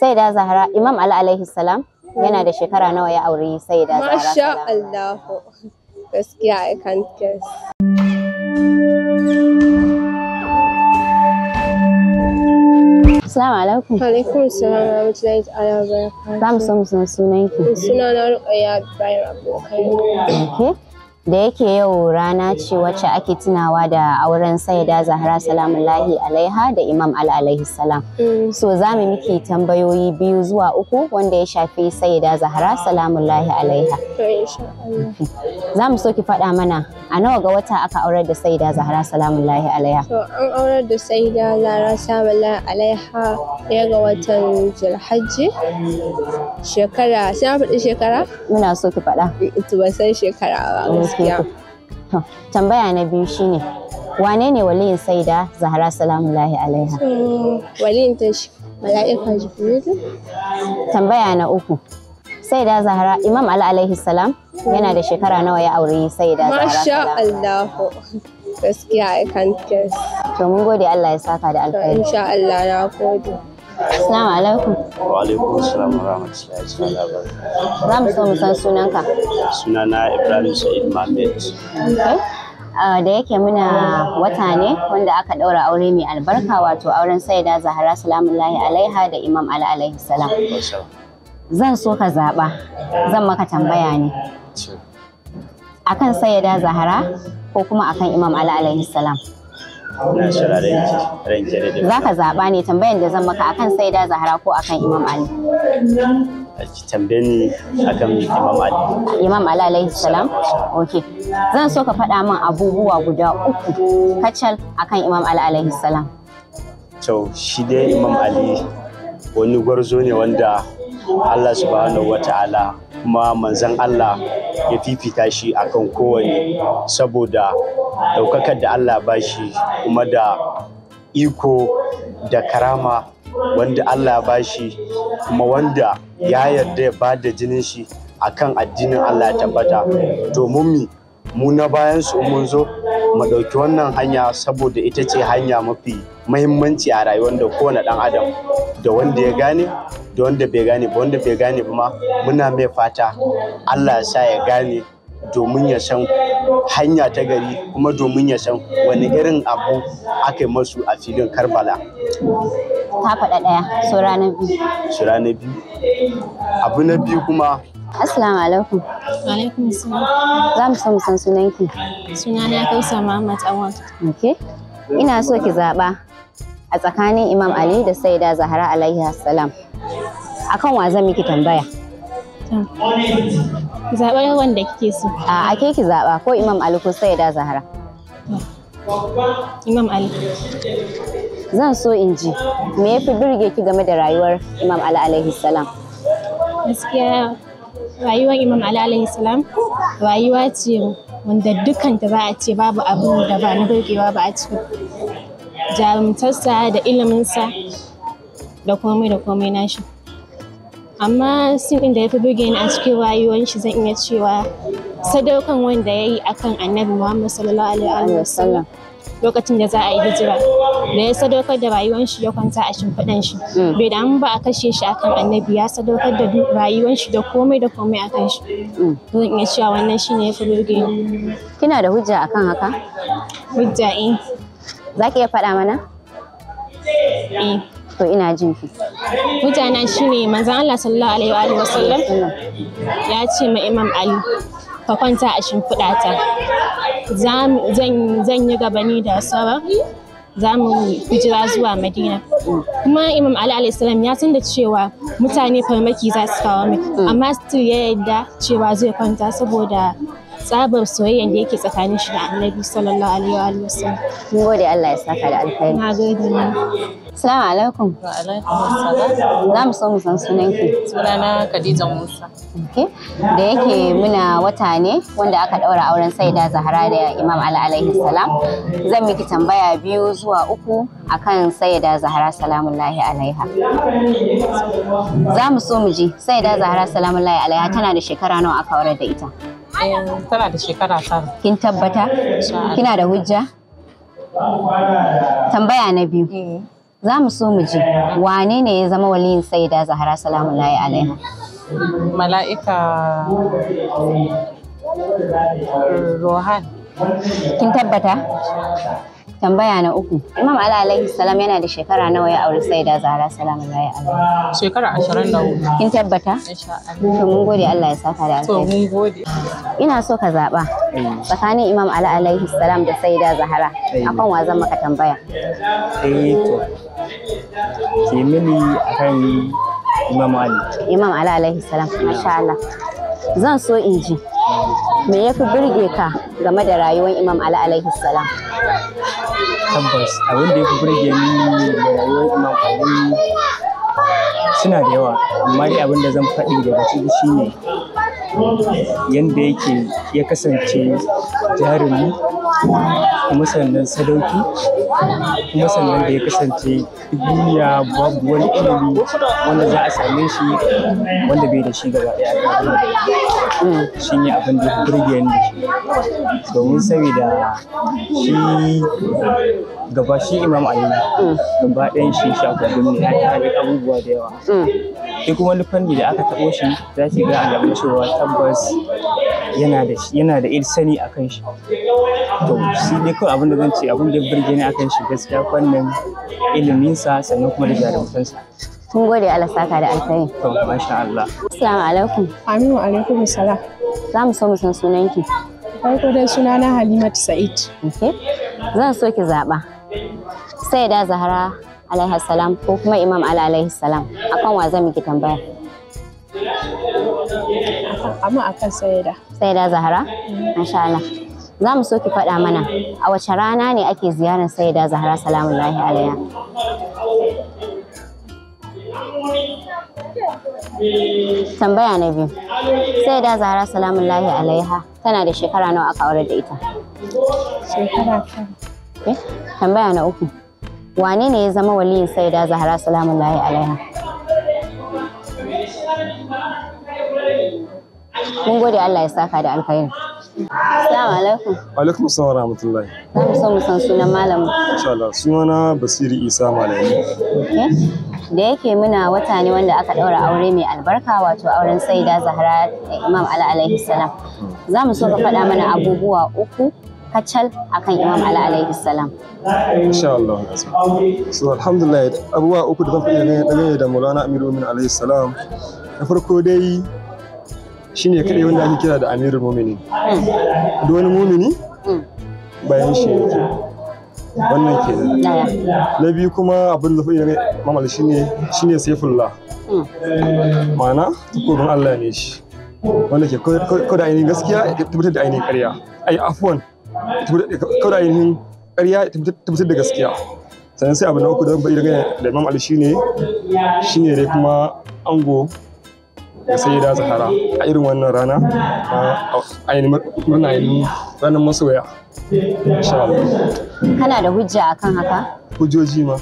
sai da zahara Imam ala alaihi salam yana da shekara nawa ya aure da zahara Masha Allah gaskiya I can't guess Assalamu alaikum. Alaikum salam wa rahmatullahi ta'ala wa barakatuh. Zamu mu san sunan ki. Sunana Ruqayya Bayra Abokai. Okay. da yake yau rana ce wacce ake tunawa da auren saida zahra salamullahi alaiha da imam al salam mm. so za mu miki tambayoyi biyu zuwa uku wanda ya shafi saida zahra salamullahi alaiha za mu so ki faɗa mana a nawa ga wata aka aurar da saida zahra salamullahi alaiha to an aurar da saida zahra salamullahi alaiha ya ga watan zulhajji shekara sai an faɗi shekara muna so ki faɗa eh, ba san shekara ba tambaya na biyu shine wane ne waliyin saida zahra salamu lahi alaiha hmm, waliyin ta shi mala'ika jibrilu tambaya na uku saida zahara imam ala alaihi salam yana da shekara nawa ya aure saida zahra masha Allah gaskiya i can't guess to mun gode Allah ya saka da alkhairi insha Allah na gode Assalamu alaikum. Wa alaikum assalam wa rahmatullahi wa barakatuh. Za mu so mu san sunanka. Sunana Ibrahim Sa'id Mohammed. Okay. da yake muna wata ne wanda aka ɗaura aure mai albarka wato auren saida zahara salamullahi alaiha da imam ala alaihi salam zan so ka zaɓa zan maka tambaya ne akan sayyida zahara ko kuma akan imam ala alaihi salam za ka zaɓa ne tambayan da zan maka akan saida zahara ko akan imam ali tambaye ni akan imam ali imam ali alaihi salam ok zan so ka faɗa min abubuwa guda uku kacal akan imam ali alaihi salam to shi dai imam ali wani gwarzo ne wanda Allah subhanahu ta'ala kuma manzan Allah ya fifita shi akan kowane saboda daukakar da Allah ba shi kuma da iko da karama wanda Allah ba shi kuma wanda ya yarda ya ba da jinin shi akan addinin Allah ya tabbata domin mi mu na bayan su mun zo mu ɗauki wannan hanya saboda ita ce hanya mafi mahimmanci a rayuwar da kowane ɗan adam da wanda ya gane da wanda bai gane ba wanda bai gane ba ma muna mai fata Allah ya sa ya gane domin ya san hanya ta gari kuma domin ya san wani irin abu aka yi masu a filin karbala ta faɗa ɗaya sura na biyu sura na biyu abu na biyu kuma Assalamu alaikum. Alaikum salam. Za mu san san sunanki. Sunana Kausa Muhammad Awal. Okay. Ina so ki zaɓa a tsakanin Imam Ali da Saida Zahra alaihi salam. akan wa zan miki tambaya zaɓar wanda kike so a ake ki zaɓa ko imam ali ko sayyida zahara imam ali zan so in ji me ya fi birge ki game da rayuwar imam ali alaihi salam gaskiya rayuwar imam ali alaihi salam rayuwa ce wanda ta za a ce babu abu da ba na birgewa ba a cikin jarumtarsa da iliminsa da komai da komai nashi amma sin inda da ya fi buge ni a cikin rayuwar shi zan iya cewa sadaukan wanda ya yi akan annabi muhammad sallallahu alaihi sallam lokacin da za a yi hijira da ya sadaukar da rayuwar shi ya kwanta a shimfiɗan shi hmm. bai an ba a kashe shi akan annabi ya sadaukar da rayuwar shi da komai da komai akan shi hmm. zan iya cewa wannan shi ne ya fi buge ni kina da hujja akan haka hujja eh za ki iya faɗa mana eh to ina jin ki mutanen shine manzo Allah sallallahu alaihi wa alihi wasallam ya ce ma Imam Ali ka kwanta a shimfiɗa ta zan yi gabani da sawa za mu hijira zuwa madina kuma imam ali alaihissalam ya san da cewa mutane farmaki za su kawo mai mm. amma still ya yarda cewa zai kwanta saboda tsabar soyayyar da yake tsakanin shi da annabi sallallahu alaihi wa sallam mun gode Allah ya saka da alkhairi na gode ne assalamu alaikum wa alaikum assalam za mu so mu san Suna sunana Khadija Musa okay da yake muna wata ne wanda aka daura auren Saida Zahra da Imam Ali alaihi salam zan miki tambaya biyu zuwa uku akan Saida Zahra salamullahi alaiha za mu so mu ji Saida Zahra salamullahi alaiha tana da shekara nawa aka aure da ita Eh, tana da shekara tara. Kin tabbata? Kina da hujja? Tambaya na biyu. Eh. Za mu so mu ji wane ne ya zama waliyin Sayyida Zahra salamun layi alaiha? Mala'ika eh, Rohan. Kin tabbata? Tambaya na uku. Imam Ali alaihi salam yana da shekara nawa ya auri Saida Zahra salamullahi alaihi. Shekara ashirin 24. Kin tabbata? Insha Allah. To mun gode Allah ya saka da alheri. To mun gode. Ina so ka zaba tsakanin Imam Ali alaihi salam da Saida Zahra. Eh. kan wa zan maka tambaya? Eh to. Ki mini akan Imam Ali. Imam Ali alaihi salam. Masha Allah. Zan so in ji. Me ya fi burge ka game da rayuwar Imam Ali alaihi salam. Tabbas abin da ya fi burge ni da rayuwar Imam Ali suna da yawa amma dai abin da zan faɗi daga ciki shine yadda yake ya kasance jarumi kuma sannan sadauki kuma sannan da ya kasance duniya babu wani ilimi wanda za a same shi wanda bai da shi gaba ɗaya shi ne abin da burge ni domin saboda shi gaba shi imam Ali, gaba ɗayan shi shafagun ne ya tare abubuwa da yawa duk wani fanni da aka taɓo shi za ki ga a cewa tabbas yana da yana da sani akan shi to shi ne kawai abin da zan ce abin da birge ni akan shi gaskiya fannin iliminsa sannan kuma da jarumtansa kun gode Allah saka da alkhairi to masha Allah assalamu alaikum aminu alaikum salam za mu so mu san sunanki farko dai sunana Halimatu Sa'id okay zan so ki zaba sai da Zahra alaihi salam ko kuma Imam Ali alaihi salam akan wa zan miki tambaya amma akan saida saida zahara mm. masha Allah za mu so ki faɗa mana a wace rana ne ake ziyarar saida zahara salamun lahi alaiha tambaya na biyu saida zahara salamun lahi alaiha tana da shekara nawa aka aure da ita shekara eh, tambaya na uku wane ne ya zama waliyin saida zahara salamun lahi alaiha mun gode Allah ya saka da alkhairi Assalamu alaikum. Wa alaikum assalam wa rahmatullahi. Za mu so mu san sunan Malam Insha Allah sunana Basiri Isa Malami. Da yake muna wata ne wanda aka daura aure mai albarka wato auren Saida Zahra da Imam Ali alaihi salam. Za mu so ka faɗa mana abubuwa uku kacal akan Imam Ali alaihi salam. Insha Allah. So alhamdulillah abubuwa uku da zan faɗi ne da Maulana Amirul Mu'minin alaihi salam. Na farko dai shine kadai wanda ake kira da amirul mumini da wani mumini bayan shi yake wannan ke na biyu kuma abin da fa'ina mamal shine shine saifullah ma'ana tukurin Allah ne shi wanda ke kawai da ainihin gaskiya ya tabbatar da ainihin ƙarya ai afuwan kawai da ainihin karya ya tabbatar da gaskiya sannan sai abu na uku da ne da imam ne. shi ne dai kuma ango da sai da zahara a irin wannan rana A ainihin ranar masoya kana da hujja akan haka hujjoji ma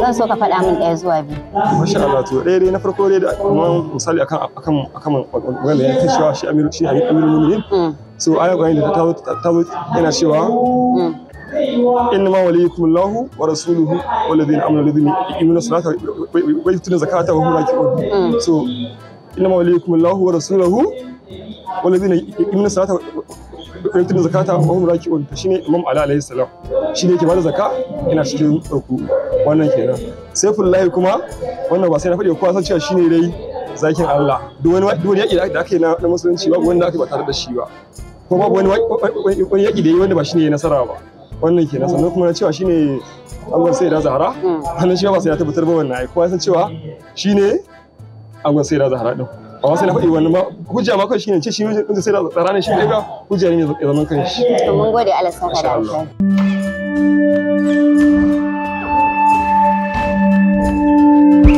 zan so ka faɗa min ɗaya zuwa biyu masha Allah to ɗaya dai na farko dai kuma misali akan akan akan wanda ya cewa shi amiru shi amiru ne mm. so ayat ga inda ta ta yana cewa إنما وليكم الله ورسوله والذين آمنوا الذين يؤمنون الصلاة ويؤتون الزكاة وهم راكعون. So إنما وليكم الله ورسوله والذين يؤمنون الصلاة ويؤتون الزكاة وهم راكعون shine Imam Ali alaihi salam yake bada cikin ɗauku wannan kenan kuma wannan ba sai na faɗi kowa san cewa dai zakin Allah duk wani da aka yi na musulunci babu aka ba tare da shi ba ko babu wani wani yi wanda ba ya nasara ba wannan kenan sannan kuma na cewa shi ba sai ya tabbatar angon sai da za haɗa ɗin a wasu na faɗi wani ma hujja ma kai ne ce shi ne sai da zahara ne shi ne ga hujja ne ya zama kanshi to mun gode Allah saka da alheri